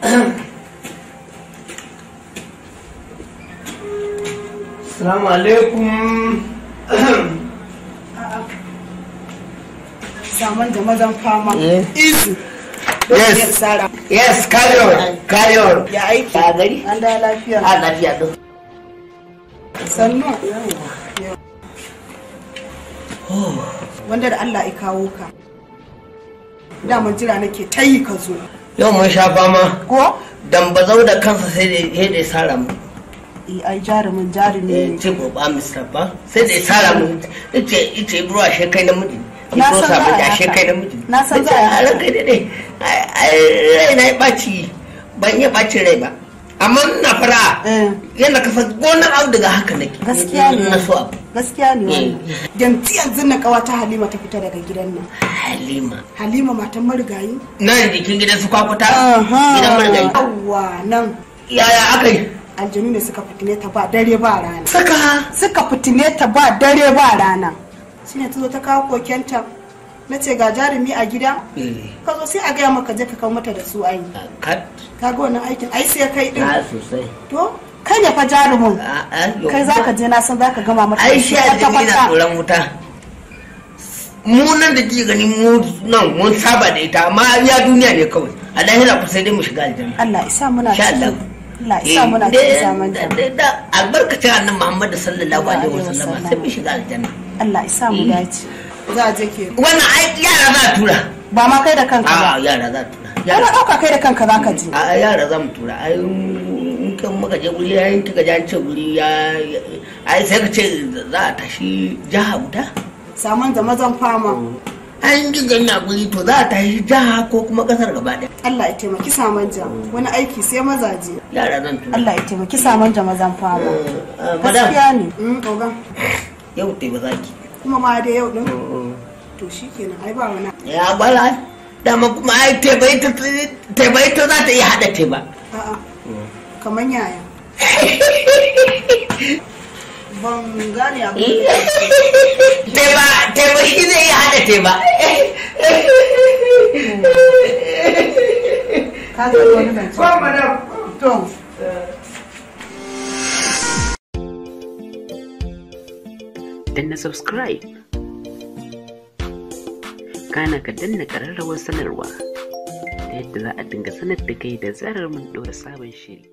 Assalamu عليكم Zaman da mazan fama. Eh. Isu. Yes. Yes, kayor. Kayor. Ya aiki. Ya gari. An da lafiya. A ah, lafiya don. Sannu. Wanda da Allah ya kawo ka. mun jira nake tayi ka zo. yau mun sha fama Kuwa. dan zau da kansa sai da ya sara mu e, ai jarumin jarumi ne eh, ce ba mr ba sai da ya sara mu ce ita bro ashe kai namiji ni so samu da ashe kai namiji na san za a halin kai dai ai rai na baci ban yi baci rai ba amma eh. na fara yana kasa gonar abu daga haka nake gaskiya ne na so abu gaskiya ne wannan yanzu yanzu na kawata halima ta fita daga gidan nan halima halima matan marigayi na nan kin gidan su kwakuta gidan marigayi awwa nan yaya aka yi aljanu ne suka fitine ta ba dare ba rana suka suka fitine ta ba dare ba rana shine ta ta kawo kokenta na ce ga jarumi a gida eh. ka zo sai a gaya maka je ka kawo mata da su ayi ka ga wannan aikin ai sai kai din to kai ne fa jarumin kai za ka je na san za ka gama mata ai shi a jiki na tsoron wuta mu nan da kike gani mu nan mun saba da ita amma ya duniya ne kawai a lahira ku sai dai mu shiga aljanna Allah isa muna shi Allah isa muna eh, da zaman da albarkacin annabi Muhammad sallallahu alaihi wasallam sai mu shiga aljanna Allah isa mu eh. dace za a je ke wannan ai yara za a tura ba ma kai da kanka ba a yara za tura yara dauka kai da kanka za ka je a yara za mu tura ai kan muka je guri ya yanki ga an ce guri ya ai sai ka ce za a tashi jiha guda saman da mazan fama an ji ganna guri to za a tashi jiha ko kuma kasar gaba ɗaya Allah ya taimaki saman ja wani aiki sai mazaje yara zan tuna Allah ya taimaki saman ja mazan fama eh, eh, gaskiya ne mm, ogan yau te bazaki kuma ma da yau din mm, mm. to shikenan ai ba wani ya bala dama kuma ai teba ita za ta iya hada teba a'a kamar yaya ban gane abu eh. teba teba shi zai iya hada teba ka zai wani ba madam to danna subscribe kana ka danna ƙararrawar sanarwa ta yadda za a dinga sanar da kai da zarar mun ɗora sabon shiri